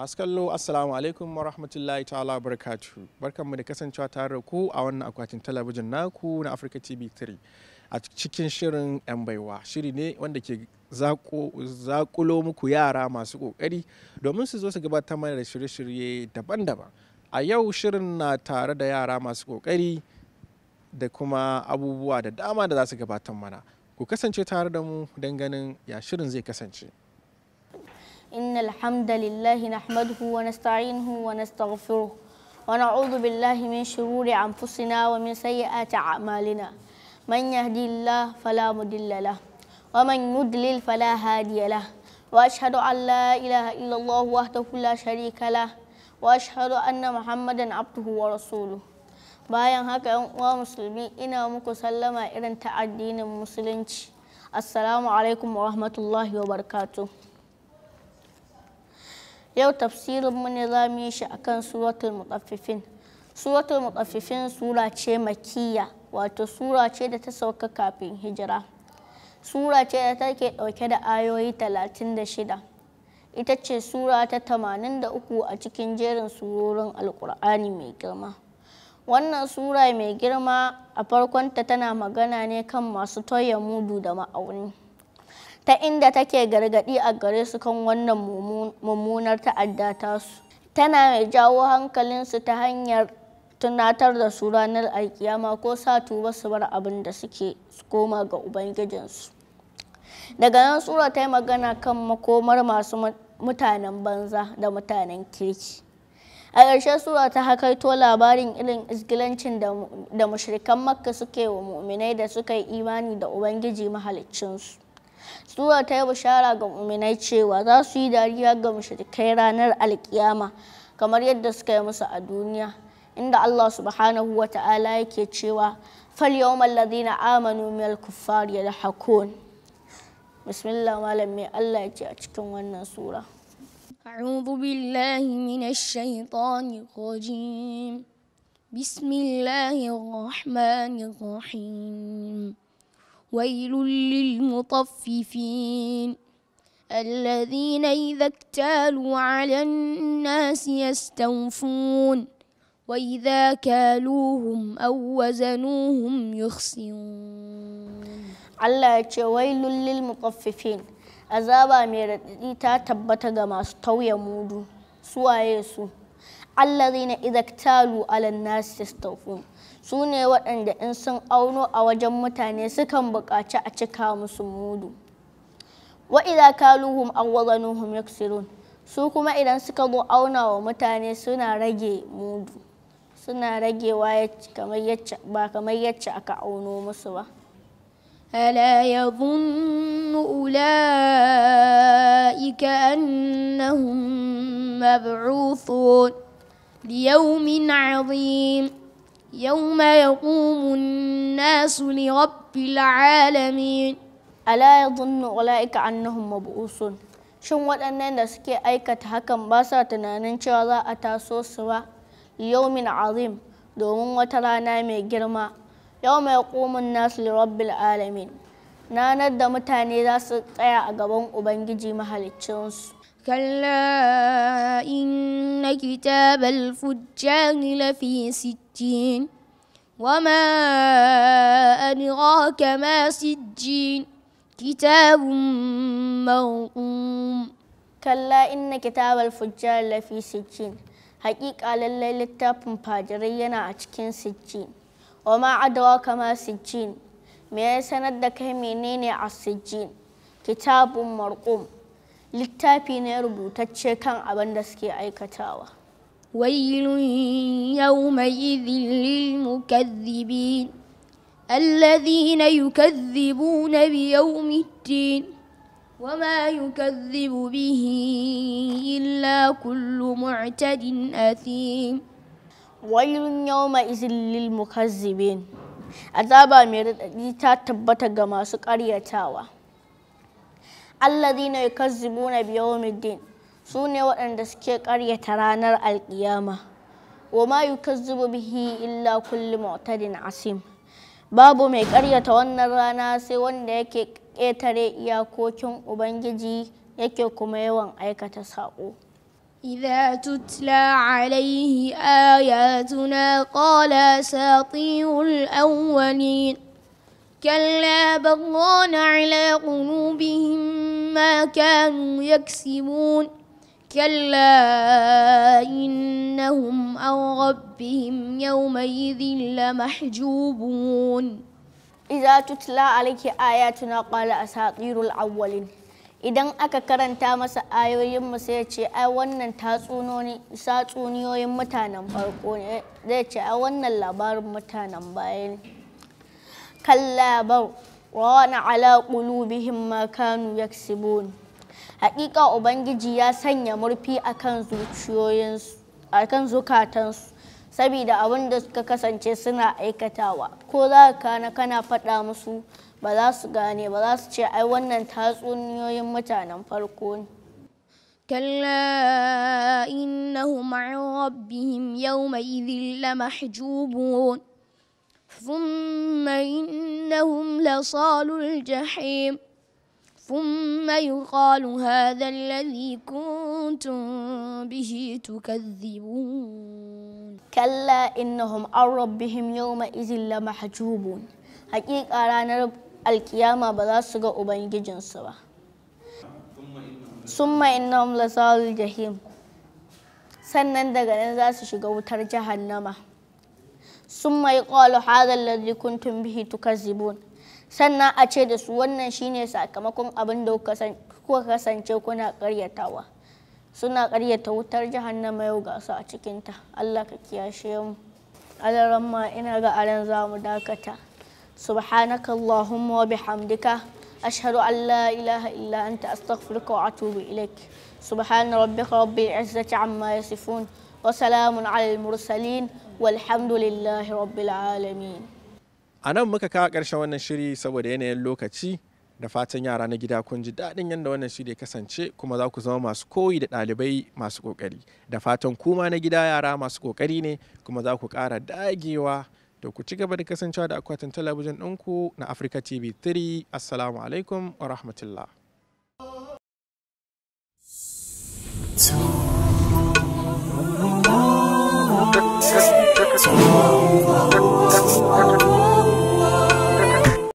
masu kallo assalamu alaikum wa rahmatullahi ta'ala barakatu barkanmu da kasancewa tare ku a wannan akwatin talabijin naku na africa tv 3 a cikin shirin yan baiwa shiri ne wanda ke zakulo muku yara masu kokari domin su zo su gabatar mana da shirye-shirye daban-daban a yau shirin na tare da yara masu kokari da kuma abubuwa da dama da za su gabatar mana ku kasance tare da mu don ganin ya shirin zai kasance إن الحمد لله نحمده ونستعينه ونستغفره ونعوذ بالله من شرور أنفسنا ومن سيئات أعمالنا من يهدي الله فلا مضل له ومن يضلل فلا هادي له وأشهد أن لا إله إلا الله وحده لا شريك له وأشهد أن محمدا عبده ورسوله bayan haka yan uwa musulmi ina muku sallama irin ta addinin musulunci assalamu alaikum wa rahmatullahi wa barakatuh yau tafsirin mu ne za mu yi shi akan suratul mutaffifin suratul mutaffifin sura ce makiyya wato sura ce da ta sauka kafin hijira sura ce da take dauke da ayoyi 36 ita ce sura ta 83 a cikin jerin surorin alkur'ani mai girma wannan sura mai girma a farkonta tana magana ne kan masu toya mudu da ma'auni ta inda take gargadi a gare su kan wannan mummunar ta'adda ta su. tana mai jawo hankalinsu ta hanyar tunatar da su ranar alkiyama ko sa tuba su bar abin da suke koma ga ubangijinsu daga nan sura ta yi magana kan makomar masu mutanen banza da mutanen kirki a ƙarshe sura ta hakaito labarin irin isgilancin da mashirikan makka suke wa mu'minai da suka yi imani da ubangiji mahaliccinsu سورة تيبو شارع غم أميني چيوا تاسوي داريا غم شتكيرا نر القيامة كما ريد سكيمس الدنيا عند الله سبحانه وتعالى يكي چيوا فاليوم الذين آمنوا من الكفار يلحقون بسم الله مالمي الله يجعلكم وانا سورة أعوذ بالله من الشيطان الرجيم بسم الله الرحمن الرحيم ويل للمطففين الذين إذا اكتالوا على الناس يستوفون وإذا كالوهم أو وزنوهم يخسرون الله ويل للمطففين أزابا ميردي تاتبتا غماس طوي مودو سوى يسو الذين إذا اكتالوا على الناس يستوفون su ne waɗanda in sun auno a wajen mutane sukan buƙaci a cika musu mudu wa idza kaluhum aw yaksirun su kuma idan suka zo auna wa mutane suna rage mudu suna ragewa ba kamar yacce aka auno musu ba ألا يظن أولئك أنهم مبعوثون ليوم عظيم يوم يقوم الناس لرب العالمين ألا يظن أولئك أنهم مبعوثون shin waɗannan da suke aikata hakan ba sa tunanin cewa za a taso su ba yaumin azim domin wata rana mai girma yau mai ƙumin nasu lirabbil alamin ranar da mutane za su tsaya a gaban ubangiji mahaliccinsu كلا إن كتاب الفجان لفي سجين وما أدراك ما سجين كتاب مرقوم كلا إن كتاب الفجار لفي سجين حقيقة الليل التاب فاجرينا أتكين سجين وما أدراك ما سجين me ya sanar على السجين كتاب مرقوم littafi ne rubutacce kan abin da suke aikatawa wailun yawma'idhin lilmukaththibin الذين يكذبون بيوم الدين وما يكذب به إلا كل معتد أثيم ويل يومئذ للمكذبين azaba mai raɗaɗi ta tabbata ga masu ƙaryatawa الذين يكذبون بيوم الدين سوني وأن دسكيك أرية ترانر القيامة وما يكذب به إلا كل معتد عسيم بابو ميك أريه wannan rana sai wanda yake ƙetare iyakokin Ubangiji yake kuma yawan aikata إذا تتلى عليه آياتنا قال ساطير الأولين كلا بغان على قلوبهم ما كانوا يكسبون كلا إنهم عن ربهم يومئذ لمحجوبون إذا تتلى عليك آياتنا قال أساطير الأولين idan aka karanta masa ayoyin mu sai ya ce ai wannan tatsuniyoyin mutanen farko ne zai ce ai wannan labarin mutanen baya ne kan labar wana ala qulubihim ma kanu yaksibun ubangiji ya sanya murfi akan zuciyoyinsu akan zukatansu saboda abin da suka kasance suna aikatawa ko za ka kana kana faɗa musu ba za su gane ba za su ce ai wannan tatsuniyoyin mutanen farko ne كلا إنهم عن ربهم يومئذ لمحجوبون ثم إنهم لصال الجحيم ثم يقال هذا الذي كنتم به تكذبون كلا إنهم عن ربهم يومئذ لمحجوبون حقيقة رانا القيامة بلا سجا جنسوا ثم إنهم لصال الجحيم سنن daga nan za su shiga summa yuqalu hadha alladhi kuntum bihi tukazzibun sannan a ce da su wannan shine sakamakon abin da kuka kasance kuna karyatawa suna karyata wutar jahannama yau ga su a cikinta Allah ka kiyashe mu alaran ma ina ga aran za mu dakata subhanaka allahumma wa bihamdika ashhadu an la ilaha illa anta astaghfiruka wa atubu ilaik subhana rabbika rabbil izzati amma yasifun wasalamun al-mursalin walhamdulillahi rabbil alamin a nan muka kawo ƙarshen wannan shiri saboda yanayin lokaci da fatan yara na gida kun ji daɗin yadda wannan shiri kasance kuma za ku zama masu koyi da ɗalibai masu ƙoƙari da fatan kuma na gida yara masu ƙoƙari ne kuma za ku ƙara dagewa da ku ci gaba da kasancewa da akwatin talabijin ɗinku na Africa TV 3 Assalamu alaikum wa rahmatullah. 走。